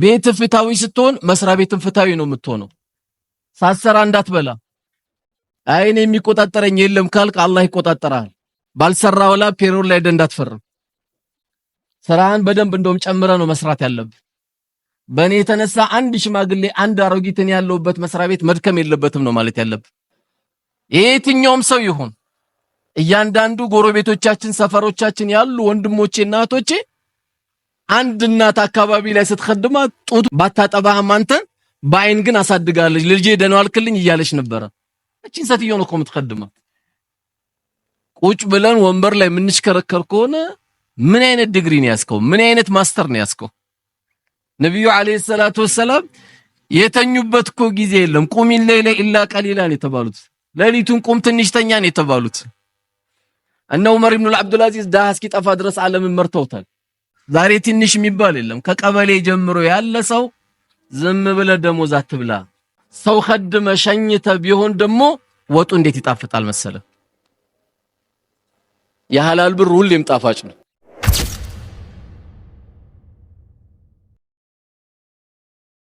ቤት ፍታዊ ስትሆን መስሪያ ቤትም ፍታዊ ነው የምትሆነው። ሳትሰራ እንዳትበላ አይን የሚቆጣጠረኝ የለም ካልክ አላህ ይቆጣጠራል። ባልሰራ ወላ ፔሮል ላይ እንዳትፈርም። ስራህን በደንብ እንደውም ጨምረ ነው መስራት ያለብህ። በእኔ የተነሳ አንድ ሽማግሌ አንድ አሮጊትን ያለውበት መስሪያ ቤት መድከም የለበትም ነው ማለት ያለብህ። የትኛውም ሰው ይሁን እያንዳንዱ ጎረቤቶቻችን፣ ሰፈሮቻችን ያሉ ወንድሞቼ እና እህቶቼ አንድ እናት አካባቢ ላይ ስትከድማ ጡት ባታጠባህም አንተ በአይን ግን አሳድጋለች። ልጄ ደህና ዋልክልኝ እያለች ነበረ። እቺን ሴትዮ ነው እኮ የምትከድማት። ቁጭ ብለን ወንበር ላይ የምንሽከረከር ከሆነ ምን አይነት ዲግሪ ነው ያስከው ምን አይነት ማስተር ነው ያስከው? ነቢዩ አለይሂ ሰላቱ ወሰላም የተኙበት እኮ ጊዜ የለም። ቁሚ ሌለ ኢላ ቀሊላ ነው የተባሉት። ሌሊቱን ቁም ትንሽ ተኛ ነው የተባሉት። እነ ዑመር ኢብኑ አብዱል አዚዝ ዳህ እስኪጠፋ ድረስ ዓለምን መርተውታል። ዛሬ ትንሽ የሚባል የለም። ከቀበሌ ጀምሮ ያለ ሰው ዝም ብለ ደሞዝ አትብላ። ሰው ከድመ ሸኝተ ቢሆን ደግሞ ወጡ እንዴት ይጣፍጣል መሰለ። የሐላል ብር ሁሌም ጣፋጭ ነው።